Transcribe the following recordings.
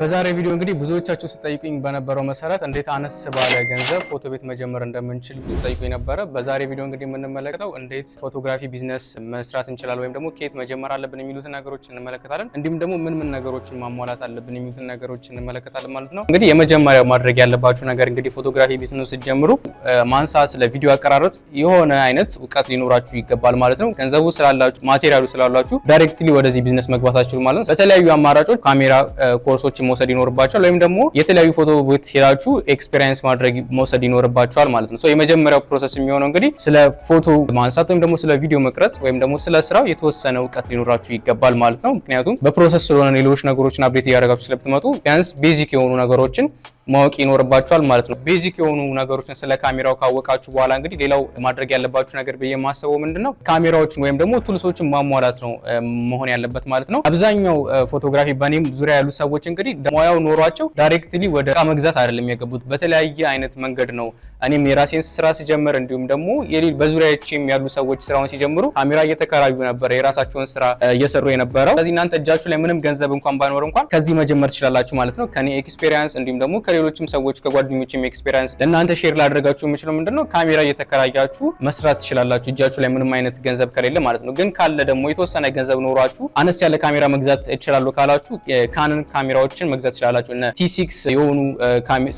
በዛሬ ቪዲዮ እንግዲህ ብዙዎቻችሁ ስጠይቁኝ በነበረው መሰረት እንዴት አነስ ባለ ገንዘብ ፎቶ ቤት መጀመር እንደምንችል ስጠይቁኝ ነበረ። በዛሬ ቪዲዮ እንግዲህ የምንመለከተው እንዴት ፎቶግራፊ ቢዝነስ መስራት እንችላለን፣ ወይም ደግሞ ከየት መጀመር አለብን የሚሉትን ነገሮች እንመለከታለን። እንዲሁም ደግሞ ምን ምን ነገሮችን ማሟላት አለብን የሚሉትን ነገሮች እንመለከታለን ማለት ነው። እንግዲህ የመጀመሪያው ማድረግ ያለባችሁ ነገር እንግዲህ ፎቶግራፊ ቢዝነስ ስትጀምሩ ማንሳት፣ ስለ ቪዲዮ አቀራረጽ የሆነ አይነት እውቀት ሊኖራችሁ ይገባል ማለት ነው። ገንዘቡ ስላላችሁ፣ ማቴሪያሉ ስላላችሁ ዳይሬክትሊ ወደዚህ ቢዝነስ መግባታችሁ ማለት ነው። በተለያዩ አማራጮች ካሜራ ኮርሶች መውሰድ ይኖርባቸዋል ወይም ደግሞ የተለያዩ ፎቶ ቤት ሄዳችሁ ኤክስፔሪንስ ማድረግ መውሰድ ይኖርባቸዋል ማለት ነው። የመጀመሪያው ፕሮሰስ የሚሆነው እንግዲህ ስለ ፎቶ ማንሳት ወይም ደግሞ ስለ ቪዲዮ መቅረጽ ወይም ደግሞ ስለ ስራው የተወሰነ እውቀት ሊኖራችሁ ይገባል ማለት ነው። ምክንያቱም በፕሮሰስ ስለሆነ ሌሎች ነገሮችን አብዴት እያደረጋችሁ ስለምትመጡ ቢያንስ ቤዚክ የሆኑ ነገሮችን ማወቅ ይኖርባችኋል ማለት ነው። ቤዚክ የሆኑ ነገሮችን ስለ ካሜራው ካወቃችሁ በኋላ እንግዲህ ሌላው ማድረግ ያለባችሁ ነገር ብዬ ማሰበው ምንድን ነው ካሜራዎችን ወይም ደግሞ ቱልሶችን ማሟላት ነው መሆን ያለበት ማለት ነው። አብዛኛው ፎቶግራፊ በእኔም ዙሪያ ያሉ ሰዎች እንግዲህ ሙያው ኖሯቸው ዳይሬክትሊ ወደ እቃ መግዛት አይደለም የገቡት። በተለያየ አይነት መንገድ ነው እኔም የራሴን ስራ ሲጀምር እንዲሁም ደግሞ በዙሪያችም ያሉ ሰዎች ስራውን ሲጀምሩ ካሜራ እየተከራዩ ነበረ የራሳቸውን ስራ እየሰሩ የነበረው። ስለዚህ እናንተ እጃችሁ ላይ ምንም ገንዘብ እንኳን ባይኖር እንኳን ከዚህ መጀመር ትችላላችሁ ማለት ነው ከኔ ኤክስፔሪንስ እንዲሁም ደግሞ ከሌሎችም ሰዎች ከጓደኞችም ኤክስፔሪንስ ለእናንተ ሼር ላደረጋችሁ የምችለው ምንድነው ካሜራ እየተከራያችሁ መስራት ትችላላችሁ። እጃችሁ ላይ ምንም አይነት ገንዘብ ከሌለ ማለት ነው። ግን ካለ ደግሞ የተወሰነ ገንዘብ ኖሯችሁ አነስ ያለ ካሜራ መግዛት እችላለሁ ካላችሁ ካነን ካሜራዎችን መግዛት ትችላላችሁ። እነ ቲ ሲክስ የሆኑ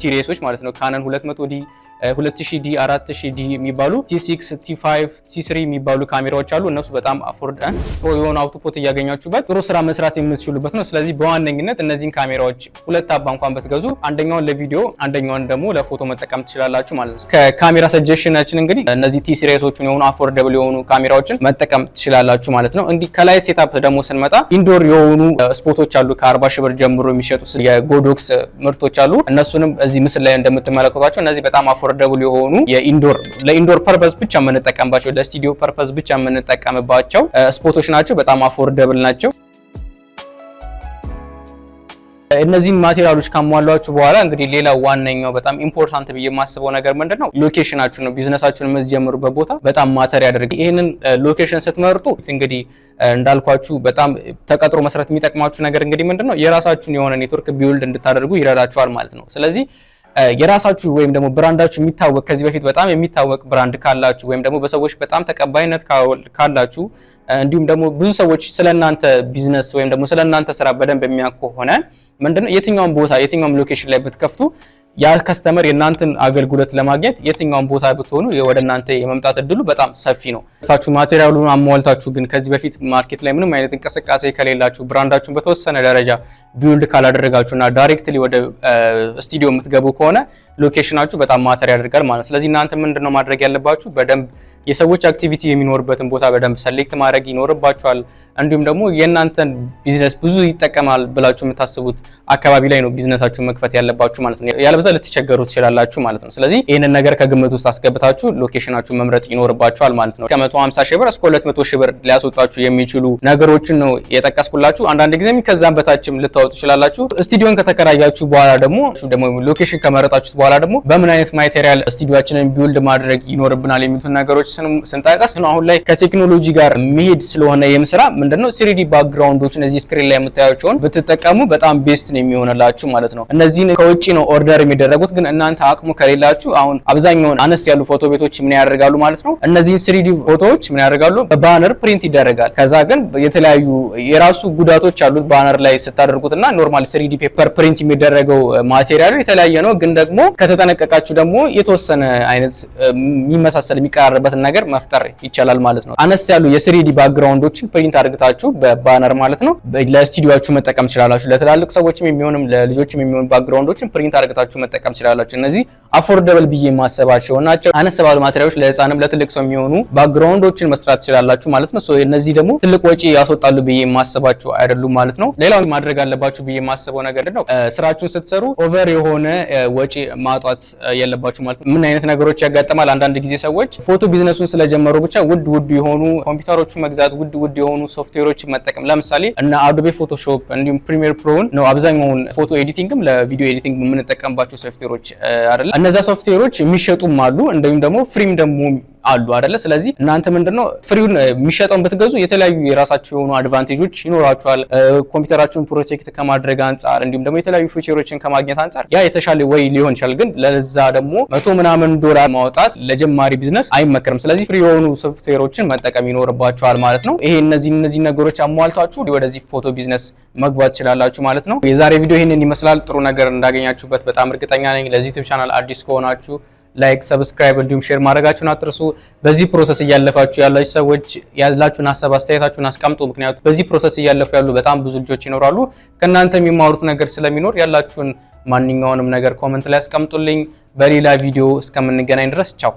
ሲሪየሶች ማለት ነው ካነን 200 ዲ 2000 d 4000 የሚባሉ t 6 t 5 t 3 የሚባሉ ካሜራዎች አሉ። እነሱ በጣም አፎርዳን አን የሆነ እያገኛችሁበት ጥሩ ስራ መስራት የምትችሉበት ነው። ስለዚህ በዋነኝነት እነዚህን ካሜራዎች ሁለት አባ እንኳን በትገዙ አንደኛውን ለቪዲዮ አንደኛውን ደግሞ ለፎቶ መጠቀም ትችላላችሁ ማለት ነው። ከካሜራ ሰጀሽናችን እንግዲህ እነዚህ ቲ ሲሪሶቹን የሆኑ አፎርደብል የሆኑ ካሜራዎችን መጠቀም ትችላላችሁ ማለት ነው። እንዲህ ከላይ ሴታፕ ደግሞ ስንመጣ ኢንዶር የሆኑ ስፖቶች አሉ። ከአርባ ሺህ ብር ጀምሮ የሚሸጡ የጎዶክስ ምርቶች አሉ። እነሱንም እዚህ ምስል ላይ እንደምትመለከቷቸው እነዚህ በጣም አፎ አፎርደብል የሆኑ የኢንዶር ለኢንዶር ፐርፐዝ ብቻ የምንጠቀምባቸው ለስቱዲዮ ፐርፐዝ ብቻ የምንጠቀምባቸው ስፖቶች ናቸው። በጣም አፎርደብል ናቸው። እነዚህም ማቴሪያሎች ካሟሏችሁ በኋላ እንግዲህ ሌላ ዋነኛው በጣም ኢምፖርታንት ብዬ የማስበው ነገር ምንድን ነው? ሎኬሽናችሁ ነው። ቢዝነሳችሁን የምትጀምሩበት ቦታ በጣም ማተር ያደርጋል። ይህንን ሎኬሽን ስትመርጡ እንግዲህ እንዳልኳችሁ በጣም ተቀጥሮ መስራት የሚጠቅማችሁ ነገር እንግዲህ ምንድን ነው የራሳችሁን የሆነ ኔትወርክ ቢውልድ እንድታደርጉ ይረዳችኋል ማለት ነው። ስለዚህ የራሳችሁ ወይም ደግሞ ብራንዳችሁ የሚታወቅ ከዚህ በፊት በጣም የሚታወቅ ብራንድ ካላችሁ ወይም ደግሞ በሰዎች በጣም ተቀባይነት ካላችሁ እንዲሁም ደግሞ ብዙ ሰዎች ስለ እናንተ ቢዝነስ ወይም ደግሞ ስለ እናንተ ስራ በደንብ የሚያውቁ ከሆነ ምንድነው የትኛውም ቦታ የትኛውም ሎኬሽን ላይ ብትከፍቱ ያ ከስተመር የእናንተን አገልግሎት ለማግኘት የትኛውም ቦታ ብትሆኑ ወደ እናንተ የመምጣት እድሉ በጣም ሰፊ ነው። ታችሁ ማቴሪያሉን አሟልታችሁ ግን ከዚህ በፊት ማርኬት ላይ ምንም አይነት እንቅስቃሴ ከሌላችሁ ብራንዳችሁን በተወሰነ ደረጃ ቢውልድ ካላደረጋችሁና ዳይሬክትሊ ወደ ስቱዲዮ የምትገቡ ከሆነ ሎኬሽናችሁ በጣም ማተር ያደርጋል ማለት። ስለዚህ እናንተ ምንድነው ማድረግ ያለባችሁ በደንብ የሰዎች አክቲቪቲ የሚኖርበትን ቦታ በደንብ ሰሌክት ማድረግ ይኖርባችኋል። እንዲሁም ደግሞ የእናንተን ቢዝነስ ብዙ ይጠቀማል ብላችሁ የምታስቡት አካባቢ ላይ ነው ቢዝነሳችሁ መክፈት ያለባችሁ ማለት ነው። ያለበዛ ልትቸገሩ ትችላላችሁ ማለት ነው። ስለዚህ ይህንን ነገር ከግምት ውስጥ አስገብታችሁ ሎኬሽናችሁ መምረጥ ይኖርባችኋል ማለት ነው ከመቶ 5 ሺህ ብር እስከ 200 ሺህ ብር ሊያስወጣችሁ የሚችሉ ነገሮችን ነው የጠቀስኩላችሁ። አንዳንድ ጊዜም ከዛም በታችም ልታወ ልታወጡ ትችላላችሁ። ስቱዲዮን ከተከራያችሁ በኋላ ደግሞ ደግሞ ሎኬሽን ከመረጣችሁት በኋላ ደግሞ በምን አይነት ማቴሪያል ስቱዲዮችንን ቢውልድ ማድረግ ይኖርብናል የሚሉትን ነገሮች ስንጠቀስ አሁን ላይ ከቴክኖሎጂ ጋር መሄድ ስለሆነ ይህም ስራ ምንድነው ስሪዲ ባክግራውንዶች እነዚህ ስክሪን ላይ የምታያቸውን ብትጠቀሙ በጣም ቤስት ነው የሚሆንላችሁ ማለት ነው። እነዚህን ከውጭ ነው ኦርደር የሚደረጉት፣ ግን እናንተ አቅሙ ከሌላችሁ አሁን አብዛኛውን አነስ ያሉ ፎቶ ቤቶች ምን ያደርጋሉ ማለት ነው እነዚህን ስሪዲ ፎቶዎች ምን ያደርጋሉ በባነር ፕሪንት ይደረጋል። ከዛ ግን የተለያዩ የራሱ ጉዳቶች አሉት ባነር ላይ ስታደርጉት እና ኖርማል ስሪዲ ፔፐር ፕሪንት የሚደረገው ማቴሪያሉ የተለያየ ነው። ግን ደግሞ ከተጠነቀቃችሁ ደግሞ የተወሰነ አይነት የሚመሳሰል የሚቀራረበትን ነገር መፍጠር ይቻላል ማለት ነው። አነስ ያሉ የስሪዲ ባክግራውንዶችን ፕሪንት አድርግታችሁ በባነር ማለት ነው ለስቱዲዮችሁ መጠቀም ትችላላችሁ። ለትላልቅ ሰዎችም የሚሆንም ለልጆችም የሚሆን ባክግራውንዶችን ፕሪንት አድርግታችሁ መጠቀም ትችላላችሁ። እነዚህ አፎርደብል ብዬ ማሰባቸው ናቸው። አነስ ባሉ ማቴሪያሎች ለህፃንም ለትልቅ ሰው የሚሆኑ ባክግራውንዶችን መስራት ትችላላችሁ ማለት ነው። እነዚህ ደግሞ ትልቅ ወጪ ያስወጣሉ ብዬ ማሰባቸው አይደሉም ማለት ነው። ሌላው ማድረግ አለ አለባችሁ ብዬ የማስበው ነገር ነው። ስራችሁን ስትሰሩ ኦቨር የሆነ ወጪ ማውጣት የለባችሁ ማለት ነው። ምን አይነት ነገሮች ያጋጥማል? አንዳንድ ጊዜ ሰዎች ፎቶ ቢዝነሱን ስለጀመሩ ብቻ ውድ ውድ የሆኑ ኮምፒውተሮቹ መግዛት፣ ውድ ውድ የሆኑ ሶፍትዌሮች መጠቀም፣ ለምሳሌ እና አዶቤ ፎቶሾፕ እንዲሁም ፕሪሚየር ፕሮን ነው አብዛኛውን ፎቶ ኤዲቲንግም ለቪዲዮ ኤዲቲንግ የምንጠቀምባቸው ሶፍትዌሮች አይደለ። እነዛ ሶፍትዌሮች የሚሸጡም አሉ እንዲሁም ደግሞ ፍሪም ደግሞ አሉ አይደለ? ስለዚህ እናንተ ምንድነው ፍሪውን የሚሸጠውን ብትገዙ የተለያዩ የራሳቸው የሆኑ አድቫንቴጆች ይኖራቸዋል። ኮምፒውተራችሁን ፕሮቴክት ከማድረግ አንጻር እንዲሁም ደግሞ የተለያዩ ፊቸሮችን ከማግኘት አንጻር ያ የተሻለ ወይ ሊሆን ይችላል። ግን ለዛ ደግሞ መቶ ምናምን ዶላር ማውጣት ለጀማሪ ቢዝነስ አይመከርም። ስለዚህ ፍሪ የሆኑ ሶፍትዌሮችን መጠቀም ይኖርባቸዋል ማለት ነው። ይሄ እነዚህ እነዚህ ነገሮች አሟልታችሁ ወደዚህ ፎቶ ቢዝነስ መግባት ትችላላችሁ ማለት ነው። የዛሬ ቪዲዮ ይህንን ይመስላል። ጥሩ ነገር እንዳገኛችሁበት በጣም እርግጠኛ ነኝ። ለዚህ ዩቲዩብ ቻናል አዲስ ከሆናችሁ ላይክ፣ ሰብስክራይብ እንዲሁም ሼር ማድረጋችሁን አትርሱ። በዚህ ፕሮሰስ እያለፋችሁ ያላችሁ ሰዎች ያላችሁን ሀሳብ አስተያየታችሁን አስቀምጡ። ምክንያቱም በዚህ ፕሮሰስ እያለፉ ያሉ በጣም ብዙ ልጆች ይኖራሉ። ከእናንተ የሚማሩት ነገር ስለሚኖር ያላችሁን ማንኛውንም ነገር ኮመንት ላይ አስቀምጡልኝ። በሌላ ቪዲዮ እስከምንገናኝ ድረስ ቻው።